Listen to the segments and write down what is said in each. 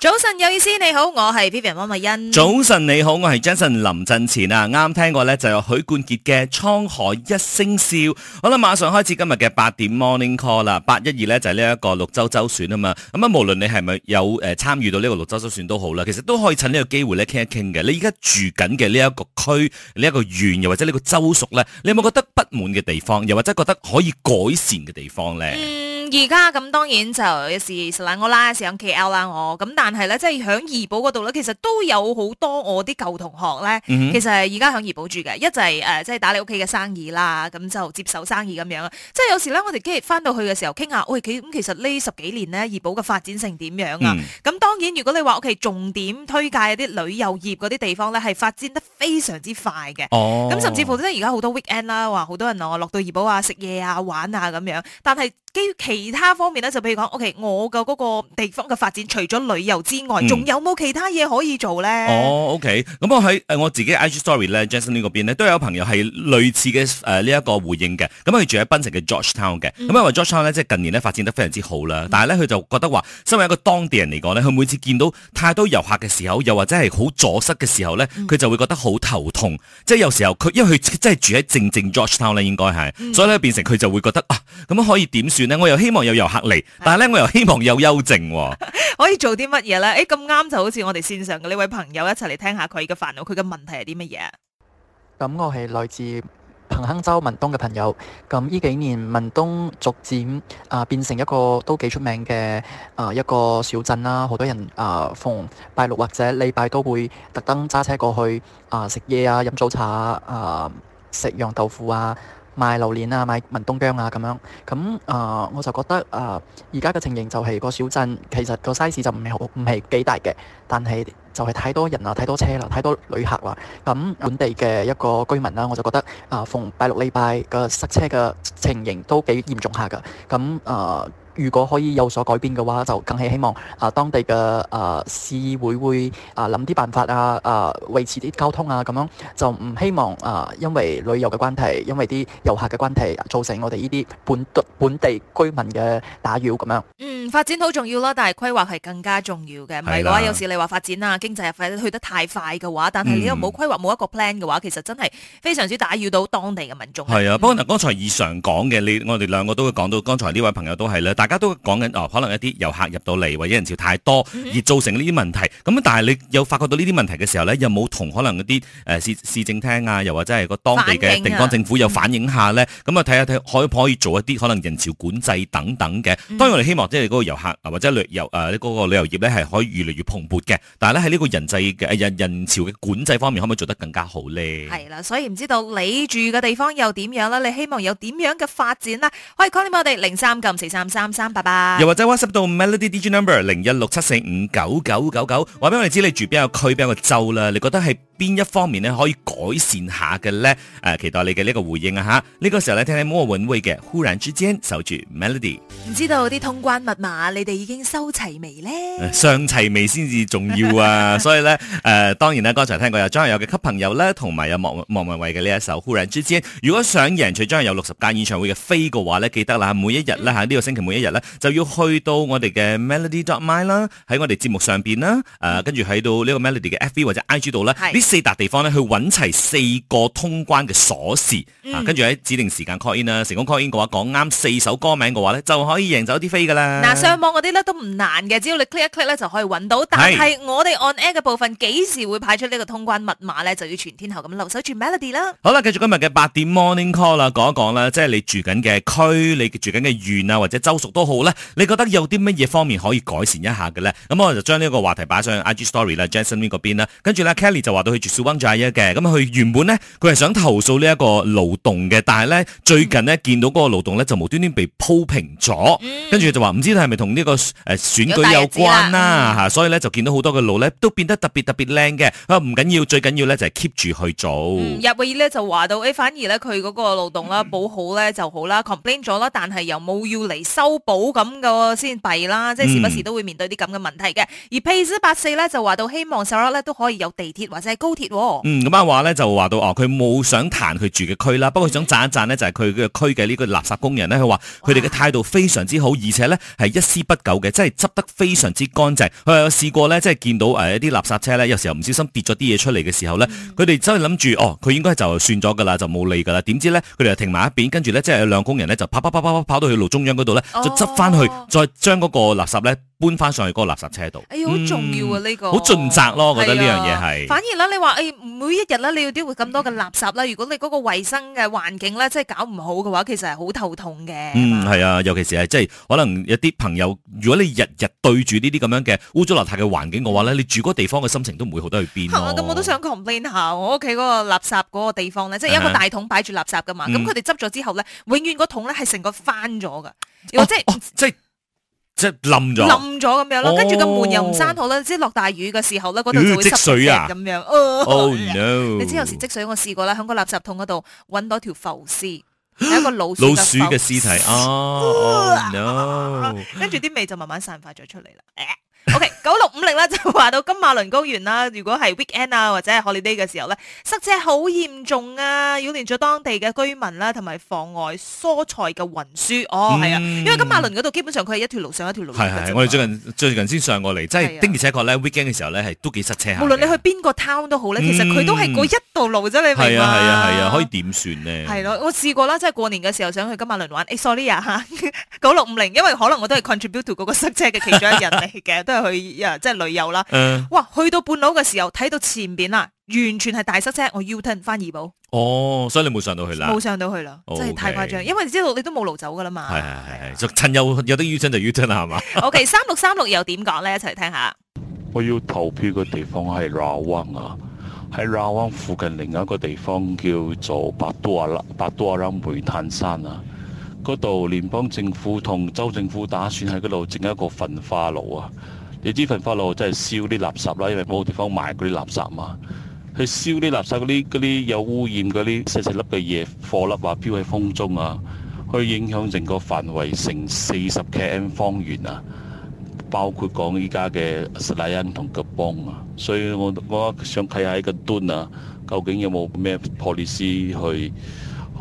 早晨有意思，你好，我係 Vivian 溫慧欣。早晨你好，我係 Jason 林振前啊，啱聽過咧就是、有許冠傑嘅《滄海一聲笑》。好啦，馬上開始今日嘅八點 Morning Call 啦。八一二咧就係呢一個六州州選啊嘛。咁、嗯、啊，無論你係咪有誒、呃、參與到呢個六州州選都好啦，其實都可以趁呢個機會咧傾一傾嘅。你而家住緊嘅呢一個區、呢、這、一個縣，又或者呢個州屬咧，你有冇覺得不滿嘅地方，又或者覺得可以改善嘅地方咧？嗯而家咁當然就有時 s 我啦，有時 KL 啦我咁，但係咧即係喺怡寶嗰度咧，其實都有好多我啲舊同學咧、嗯，其實係而家喺怡寶住嘅，一就係誒即係打理屋企嘅生意啦，咁就接手生意咁樣，即係有時咧我哋跟住翻到去嘅時候傾下，喂、欸、咁其實呢十幾年咧怡寶嘅發展成點樣啊？咁、嗯、當然如果你話屋企重點推介啲旅遊業嗰啲地方咧，係發展得非常之快嘅，咁、哦、甚至乎即而家好多 weekend 啦，話好多人落到怡寶啊食嘢啊玩啊咁樣，但係基於其他方面咧，就譬如講，O K，我嘅嗰個地方嘅發展，除咗旅遊之外，仲、嗯、有冇其他嘢可以做呢？哦，O K，咁我喺、呃、我自己 IG story 咧，Jasmine 嗰邊咧，都有朋友係類似嘅誒呢一個回應嘅。咁、嗯、佢住喺賓城嘅 George Town 嘅。咁、嗯、因為、嗯、George Town 咧，即近年發展得非常之好啦、嗯。但係咧，佢就覺得話，身為一個當地人嚟講咧，佢每次見到太多遊客嘅時候，又或者係好阻塞嘅時候咧，佢、嗯、就會覺得好頭痛。即係有時候佢因為佢真係住喺正正 George Town 咧，應該係、嗯，所以咧變成佢就會覺得啊，咁可以點算呢？我又希望希望有遊客嚟，但係咧我又希望有幽靜喎。 可以做啲乜嘢呢？誒、欸，咁啱就好似我哋線上嘅呢位朋友一齊嚟聽下佢嘅煩惱，佢嘅問題係啲乜嘢？咁我係來自彭亨州文東嘅朋友。咁呢幾年文東逐漸啊、呃、變成一個都幾出名嘅啊、呃、一個小鎮啦，好多人啊、呃、逢拜六或者禮拜都會特登揸車過去啊、呃、食嘢啊，飲早茶啊、呃，食羊豆腐啊。賣榴槤啊，賣文東薑啊，呃呃、啊，咁樣咁啊，我就覺得啊，而家嘅情形就係個小鎮其實個 size 就唔係唔係幾大嘅，但係就係太多人啦，太多車啦，太多旅客啦，咁本地嘅一個居民啦，我就覺得啊，逢拜六禮拜嘅塞車嘅情形都幾嚴重下噶，咁啊。呃如果可以有所改變嘅話，就梗係希望啊，當地嘅啊市議會會啊諗啲辦法啊，啊維持啲交通啊，咁樣就唔希望啊，因為旅遊嘅關係，因為啲遊客嘅關係，造成我哋呢啲本地本地居民嘅打擾咁樣。嗯，發展好重要啦，但係規劃係更加重要嘅。係啦。唔係嘅話，有時你話發展啊，經濟去得太快嘅話，但係你又冇規劃冇、嗯、一個 plan 嘅話，其實真係非常之打擾到當地嘅民眾。係啊，不過嗱，剛才以上講嘅，你我哋兩個都會講到，剛才呢位朋友都係咧，大家都講緊哦，可能一啲遊客入到嚟，或者人潮太多而造成呢啲問題。咁、嗯、但係你有發覺到呢啲問題嘅時候咧，又有冇同可能嗰啲市市政廳啊，又或者係個當地嘅地方政府有反映下咧？咁、嗯、啊，睇下睇可唔可以做一啲可能人潮管制等等嘅。當然我哋希望即係嗰個遊客或者旅遊、呃嗰個旅遊業咧，係可以越嚟越蓬勃嘅。但係咧，喺呢個人際嘅人人潮嘅管制方面，可唔可以做得更加好咧？係啦，所以唔知道你住嘅地方又點樣啦？你希望有點樣嘅發展啦？可以 c o n n i 我哋零三四三三。三八八，又或者 WhatsApp 到 Melody DJ Number 零一六七四五九九九九，話俾我哋知你住邊個區邊個州啦。你覺得係邊一方面咧可以改善下嘅咧？誒、呃，期待你嘅呢個回應啊！吓，呢個時候咧聽聽莫文蔚嘅《忽然之間》守住 Melody。唔知道啲通關密碼，你哋已經收齊未呢？上齊未先至重要啊！ 所以咧，誒、呃，當然啦，剛才聽過有張學友嘅《給朋友》呢咧，同埋有莫莫文蔚嘅呢一首《忽然之間》。如果想贏取張學友六十間演唱會嘅飛嘅話咧，記得啦，每一日咧吓，呢個星期每一天。日咧就要去到我哋嘅 Melody dot My 啦，喺我哋節目上邊啦，誒、啊、跟住喺到呢個 Melody 嘅 FB 或者 IG 度咧，呢四笪地方咧去揾齊四個通關嘅鎖匙，嗯、啊跟住喺指定時間 call in 啊，成功 call in 嘅話，講啱四首歌名嘅話咧就可以贏走啲飛噶啦。嗱，上網嗰啲咧都唔難嘅，只要你 click 一 click 咧就可以揾到，但係我哋 on air 嘅部分幾時會派出呢個通關密碼咧，就要全天候咁留守住 Melody 啦。好啦，繼續今日嘅八點 Morning Call 啦，講一講咧，即係你住緊嘅區，你住緊嘅縣啊或者州屬都好咧，你覺得有啲乜嘢方面可以改善一下嘅咧？咁我就將呢個話題擺上 IG story 啦，Jason Lee 嗰邊啦，跟住咧 Kelly 就話到佢住小灣仔嘅，咁佢原本咧佢係想投訴呢一個路洞嘅，但係咧最近咧、嗯、見到嗰個路洞咧就無端端被鋪平咗，嗯、是是跟住就話唔知係咪同呢個、呃、選舉有關啦、啊啊嗯、所以咧就見到好多嘅路咧都變得特別特別靚嘅。啊，唔緊要，最緊要咧就係 keep 住去做。嗯、入惠咧就話到誒、哎，反而咧佢嗰個路洞啦補好咧就好啦、嗯、complain 咗啦，但係又冇要嚟收。保咁嘅先弊啦，即係時不時都會面對啲咁嘅問題嘅、嗯。而佩斯八四咧就話到希望首爾都可以有地鐵或者係高鐵、哦。嗯，咁樣話咧就話到哦，佢冇想彈佢住嘅區啦，不過佢想讚一讚咧就係佢個區嘅呢個垃圾工人呢，佢話佢哋嘅態度非常之好，而且呢係一絲不苟嘅，即係執得非常之乾淨。佢有試過呢，即係見到誒一啲垃圾車呢，有時候唔小心跌咗啲嘢出嚟嘅時候、嗯哦、呢，佢哋真係諗住哦，佢應該就算咗噶啦，就冇理噶啦。點知呢，佢哋就停埋一邊，跟住呢，即係有兩工人呢，就，是、就跑，跑，跑，跑，跑，跑跑跑跑跑到去路中央嗰度呢。哦執翻去，再將嗰個垃圾咧。搬翻上去嗰個垃圾車度，哎呀，好重要啊！呢、嗯，這個好盡責咯，啊、覺得呢樣嘢係。反而啦，你話誒、哎，每一日啦，你要丟咁多嘅垃圾啦。如果你嗰個衛生嘅環境咧，即係搞唔好嘅話，其實係好頭痛嘅。嗯，係啊，尤其是係即係可能有啲朋友，如果你日日對住呢啲咁樣嘅污糟邋遢嘅環境嘅話咧，你住嗰地方嘅心情都唔會好得去邊、啊。咁、嗯、我都想 complain 下我屋企嗰個垃圾嗰個地方咧，即係一個大桶擺住垃圾噶嘛。咁佢哋執咗之後咧，永遠嗰桶咧係成個翻咗噶，又即係。啊啊即即係冧咗，冧咗咁樣咯，跟住個門又唔閂好啦，即係落大雨嘅時候咧，嗰度就會積水啊，咁樣，哦，啊哦 oh, no，你知有時積水我試過，我試過啦，喺個垃圾桶嗰度搵到條浮屍，係 一個老鼠嘅屍體，哦，oh, oh, no，跟住啲味就慢慢散發咗出嚟啦，啊九六五零咧就話到金馬倫高原啦，如果係 weekend 啊或者係 holiday 嘅時候咧，塞車好嚴重啊，擾亂咗當地嘅居民啦，同埋妨礙蔬菜嘅運輸。哦，係啊，因為金馬倫嗰度基本上佢係一條路上一條路。係係，我哋最近最近先上過嚟，即係的而且確咧 weekend 嘅時候咧係都幾塞車。無論你去邊個 town 都好咧，其實佢都係嗰一道路啫，你明嘛？係啊係啊係啊，可以點算咧？係咯，我試過啦，即係過年嘅時候想去金馬倫玩。誒，sorry 啊嚇。九六五零，因為可能我都係 contribute 到嗰個塞車嘅其中一人嚟嘅， 都係去、啊、即係旅遊啦、嗯。哇，去到半路嘅時候，睇到前面啊，完全係大塞車，我 U-turn 翻二保。哦，所以你冇上到去啦，冇上到去啦，okay. 真係太誇張。因為你知道你都冇路走噶啦嘛。係係係就趁有有啲 U-turn 就 U-turn 啦，係嘛。O K，三六三六又點講咧？一齊嚟聽下。我要投票嘅地方係 Rawang 啊，喺 Rawang 附近另一個地方叫做百都阿拉百都阿拉煤炭山啊。嗰度聯邦政府同州政府打算喺嗰度整一個焚化爐啊！你知焚化爐真係燒啲垃圾啦，因為冇地方埋嗰啲垃圾嘛。去燒啲垃圾嗰啲啲有污染嗰啲細細粒嘅、啊、嘢，顆粒話飄喺風中啊，去影響成個範圍成四十 km 方圓啊，包括講依家嘅斯奈恩同吉邦啊。所以我我想睇下喺個端啊，究竟有冇咩 policy 去？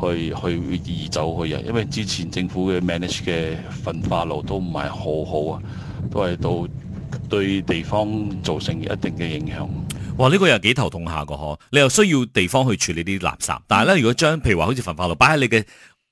去去移走去啊！因為之前政府嘅 manage 嘅焚化爐都唔係好好啊，都係到對地方造成一定嘅影響。哇！呢個又幾頭痛下個嗬，你又需要地方去處理啲垃圾，但係咧，如果將譬如話好似焚化爐擺喺你嘅。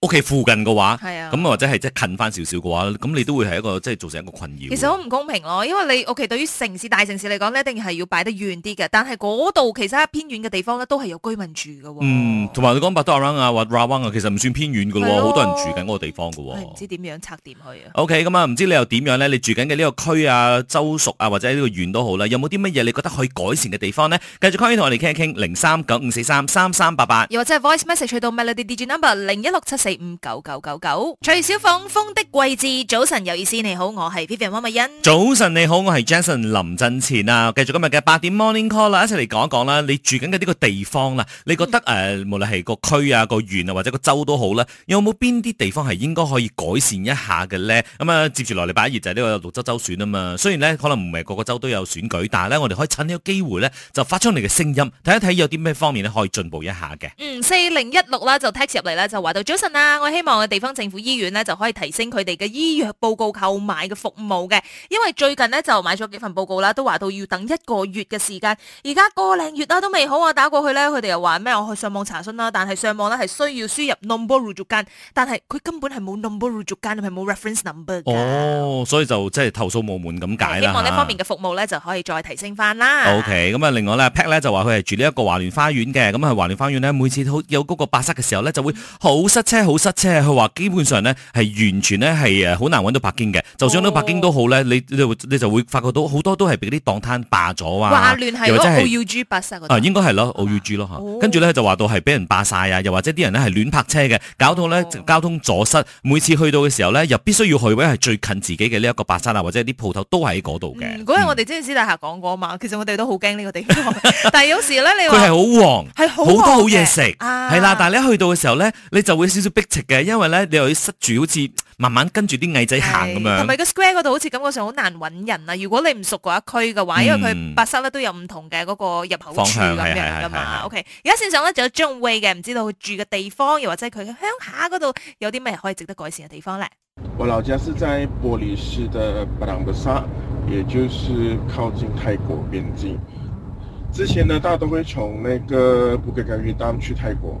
屋企附近嘅話，係啊，咁或者係即係近翻少少嘅話，咁你都會係一個即係、就是、造成一個困擾。其實好唔公平咯，因為你屋企對於城市大城市嚟講，你一定係要擺得遠啲嘅。但係嗰度其實喺偏遠嘅地方咧，都係有居民住嘅。嗯，同埋你講八多亞灣啊，或亞灣啊，其實唔算偏遠噶咯，好多人住緊嗰個地方嘅。唔知點樣拆掂佢啊？O K，咁啊，唔、okay, 嗯、知你又點樣咧？你住緊嘅呢個區啊、州屬啊，或者呢個縣都好啦。有冇啲乜嘢你覺得可以改善嘅地方呢？繼續可以同我哋傾一傾，零三九五四三三三八八，又或者係 Voice Message 到 Melody Digital Number 零一六七四五九九九九，徐小鳳《風的季節》，早晨有意思，你好，我係 Vivian 王美欣。早晨你好，我係 Jason 林振前啊！繼續今日嘅八點 Morning Call 啦，一齊嚟，講一講啦。你住緊嘅呢個地方啦，你覺得誒、嗯呃，無論係個區啊、個縣啊或者個州都好啦，有冇邊啲地方係應該可以改善一下嘅咧？咁、嗯、啊，接住落嚟八一二就係呢個六州州選啊嘛。雖然咧可能唔係個個州都有選舉，但係咧我哋可以趁呢個機會咧，就發出嚟嘅聲音，睇一睇有啲咩方面咧可以進步一下嘅。嗯，四零一六啦，就 text 入嚟咧，就話到早晨我希望地方政府醫院咧，就可以提升佢哋嘅醫藥報告購買嘅服務嘅，因為最近咧就買咗幾份報告啦，都話到要等一個月嘅時間，而家個零月啦都未好啊！打過去咧，佢哋又話咩？我去上網查詢啦，但係上網咧係需要輸入 number range，但係佢根本係冇 number range，係冇 reference number 哦，所以就即係投訴無門咁解啦。希望呢方面嘅服務咧就可以再提升返啦。OK，咁啊，另外咧 Pat 咧就話佢係住呢一個華聯花園嘅，咁啊，華聯花園咧每次好有嗰個巴剎嘅時候咧就會好塞車。嗯好塞車，佢話基本上咧係完全咧係誒好難揾到北京嘅，就算揾到北京都好咧，你就你就會發覺到好多都係俾啲檔攤霸咗啊！話亂係咯，O U G 巴剎嗰度啊，應該係咯，O U G 咯。跟住咧就話到係俾人霸晒啊，又或者啲、啊哦、人咧係亂泊車嘅，搞到咧交通阻塞。每次去到嘅時候咧，又必須要去位係最近自己嘅呢一個巴剎啊，或者啲鋪頭都喺嗰度嘅。嗰、嗯、日我哋真史大俠講過啊嘛、嗯，其實我哋都好驚呢個地方。 但係有時咧你話佢係好黃，係好多好嘢食，係、啊、啦、啊，但係咧你去到嘅時候咧，你就會少少。逼迫嘅，因為咧你又要塞住，好似慢慢跟住啲矮仔行咁樣。同埋個 square 嗰度好似感覺上好難揾人啊。如果你唔熟嗰一區嘅話、嗯，因為佢白沙咧都有唔同嘅嗰個入口處方向咁樣噶嘛。OK，而家線上咧仲有 j 位嘅，唔知道佢住嘅地方，又或者佢嘅鄉下嗰度有啲咩可以值得改善嘅地方咧？我老家是在玻璃市的巴朗布沙，也就是靠近泰國邊境。之前呢，大家都會從那個布克甘玉丹去泰國。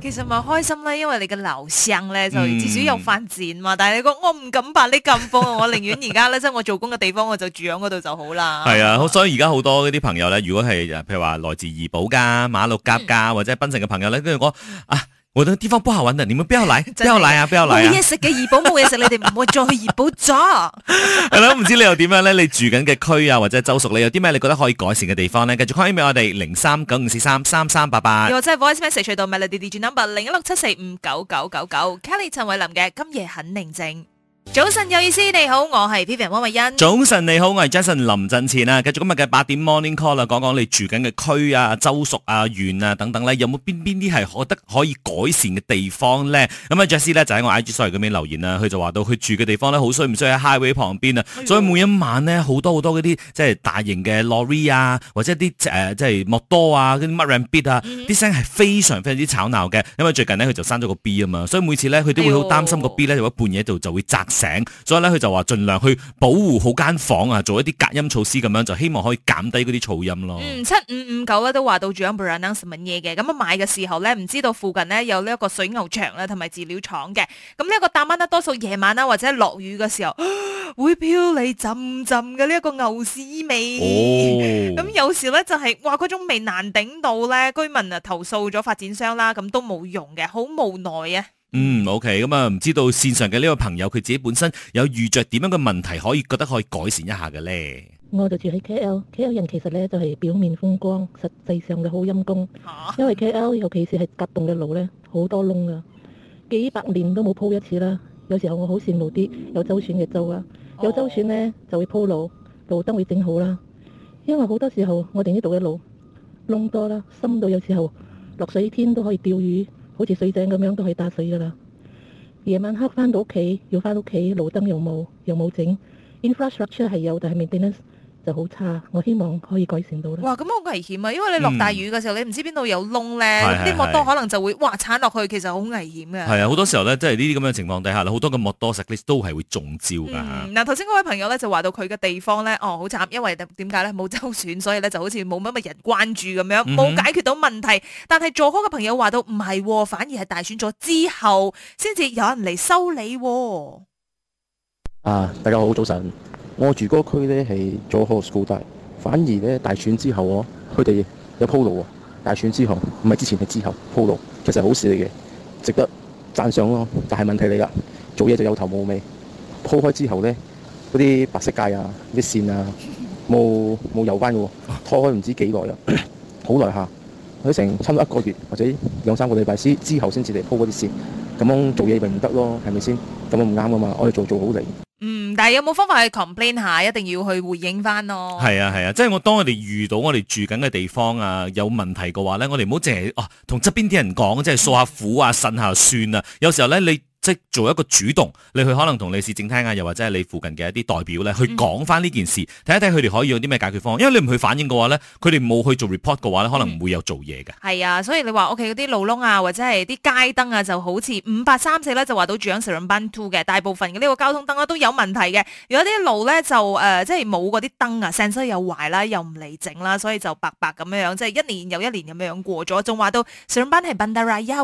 其實咪開心啦，因為你嘅樓上咧就至少有發展嘛。嗯、但係你講唔敢辦呢咁風， 我寧願而家咧即係我做工嘅地方，我就住響嗰度就好啦。係啊，嗯、所以而家好多啲朋友咧，如果係譬如話來自怡寶噶、馬六甲噶或者係檳城嘅朋友咧，跟、嗯、住我啊。我覺得地方不好搵，的，你們不要來，不要來啊，不要來，冇嘢食嘅怡保，冇嘢食，你哋唔會再去怡保咗。係啦，唔知你又點樣咧？你住緊嘅區啊，或者州屬，你有啲咩你覺得可以改善嘅地方咧？繼續 call 俾我哋零三九五四三三三八八。又或者係 voice message 到 my lady d number 零一六七四五九九九九 Kelly 陳慧琳嘅今夜很寧靜。早晨，有意思，你好，我係 Pippen 汪慧欣。早晨，你好，我係 Jason 林振前啊。繼續今日嘅八點 Morning Call 啦、啊，講講你住緊嘅區啊、州屬啊、縣啊等等咧、啊，有冇邊邊啲係覺得可以改善嘅地方咧？咁啊 Jess 就喺我 IG 晒嘅邊留言啊，佢就話到佢住嘅地方咧好衰唔衰喺 highway 旁邊啊、哎，所以每一晚咧好多好多嗰啲即係大型嘅 Lorry 啊，或者啲誒、呃、即係莫多啊，跟住 Mat Rempit 啊，啲聲係非常非常之吵鬧嘅，因為最近呢，佢就生咗個 B 啊嘛，所以每次咧佢都會好擔心個 B 咧、哎，如果半夜度就，就會砸。醒，所以咧佢就話盡量去保護好間房啊，做一啲隔音措施咁樣，就希望可以減低嗰啲噪音咯。嗯，七五五九咧都話到住 a m b e r a 嘢嘅，咁啊買嘅時候咧唔知道附近咧有呢一個水牛場啦，同埋飼料廠嘅，咁呢一個大班咧多數夜晚啦或者落雨嘅時候會飄嚟陣陣嘅呢一個牛屎味，咁、哦、有時咧就係話嗰種味難頂到咧，居民啊投訴咗發展商啦，咁都冇用嘅，好無奈啊！嗯，OK，咁、嗯、啊，唔知道線上嘅呢位朋友，佢自己本身有遇着點樣嘅問題，可以覺得可以改善一下嘅咧？我就住喺 K L，K L 人其實咧就係表面風光，實際上嘅好陰功。吓、啊，因為 K L 尤其是係甲洞嘅路咧，好多窿噶，幾百年都冇鋪一次啦。有時候我好羨慕啲有州選嘅州啊，有州選咧就會鋪路，路燈會整好啦。因為好多時候我哋呢度嘅路窿多啦，深到有時候落水天都可以釣魚。好似水井咁樣都可以打水㗎啦。夜晚黑翻到屋企，要翻屋企，路燈又冇，又冇整。Infrastructure 係有，但係 maintenance 就好差，我希望可以改善到。哇，咁好危險啊！因為你落大雨嘅時候，嗯、你唔知邊度有窿咧，啲莫多可能就會滑鏟落去，其實好危險嘅。係啊，好多時候咧，即係呢啲咁樣嘅情況底下好多嘅莫多石裂都係會中招噶。嗱、嗯，頭先嗰位朋友咧就話到佢嘅地方咧，哦，好慘，因為點解咧冇州選，所以咧就好似冇乜乜人關注咁樣，冇、嗯、解決到問題。但係坐開嘅朋友話到唔係，反而係大選咗之後，先至有人嚟修理，哦。啊，大家好，早晨。我住嗰區咧係 school，大，反而咧大選之後我佢哋有鋪路喎。大選之後唔係之前，係之後鋪路，其實好事嚟嘅，值得讚賞咯。但係問題嚟啦，做嘢就有頭冇尾，鋪開之後咧嗰啲白色界啊、啲線啊冇冇有翻嘅喎，拖開唔知幾耐啦，好耐下，喺成差唔多一個月或者兩三個禮拜先之後先至嚟鋪嗰啲線，咁樣做嘢咪唔得咯，係咪先？咁樣唔啱啊嘛，我哋做做好嚟。但係有冇方法去 complain 下？一定要去回應翻咯。係啊，係啊，即係我當我哋遇到我哋住緊嘅地方啊有問題嘅話咧，我哋唔好淨係哦同側邊啲人講，即係訴下苦啊、呻下酸啊。有時候咧你。即係做一個主動，你去可能同你市政廳啊，又或者係你附近嘅一啲代表咧，去講翻呢件事，睇一睇佢哋可以有啲咩解決方案。因為你唔去反映嘅話咧，佢哋冇去做 report 嘅話呢，可能唔會有做嘢嘅。係啊，所以你話屋企嗰啲路窿啊，或者係啲街燈啊，就好似五八三四咧，就話到 Seremban 2嘅，大部分嘅呢個交通燈都有問題嘅。如果啲路咧就誒，即係冇嗰啲燈啊 sense 又壞啦，又唔嚟整啦，所以就白白咁樣即係、就是、一年又一年咁樣過咗，仲話到 Seremban 係 Bandaraya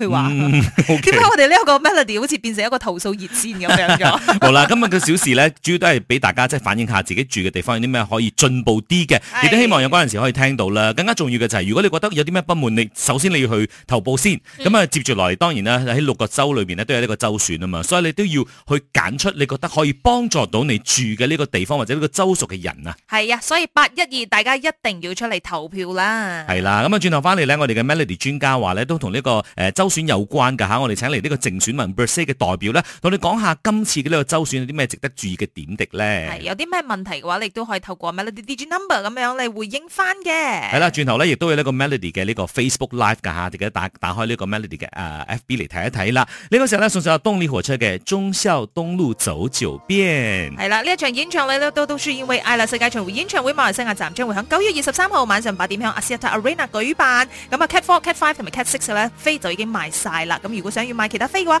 佢話點解我哋呢、這個咩好似變成一個投訴熱線咁樣㗎。好啦，今日嘅小事呢，主要都係俾大家即係反映一下自己住嘅地方有啲咩可以進步啲嘅，亦都希望有關人士可以聽到啦。更加重要嘅就係，如果你覺得有啲咩不滿，你首先你要先去投報先。咁啊，接住來當然啦，喺六個州裏面呢，都有呢個州選啊嘛，所以你都要去揀出你覺得可以幫助到你住嘅呢個地方或者呢個州屬嘅人啊。係啊，所以八一二大家一定要出嚟投票啦。係啦，咁啊轉頭翻嚟呢，我哋嘅 Melody 專家話呢，都同呢個誒州選有關㗎。我哋請嚟呢個政選民。p e 嘅代表咧，我哋講下今次嘅呢個周選有啲咩值得注意嘅點滴咧？係有啲咩問題嘅話，你都可以透過 e l o DJ number 咁樣嚟回應翻嘅。係啦，轉頭咧亦都有呢個 Melody 嘅呢個 Facebook Live 㗎嚇，自己打打開呢個 Melody 嘅誒、uh, FB 嚟睇一睇啦。呢、這個時候咧送上東李河出嘅忠孝東路走九遍。係啦，呢一場演唱會咧都都屬於愛立世界巡迴演唱會馬來西亞站，站，將會喺九月二十三號晚上八點喺阿斯亞特 Arena 舉辦。咁啊 cat four、cat five 同埋 cat six 咧飛就已經賣晒啦。咁如果想要買其他飛嘅話，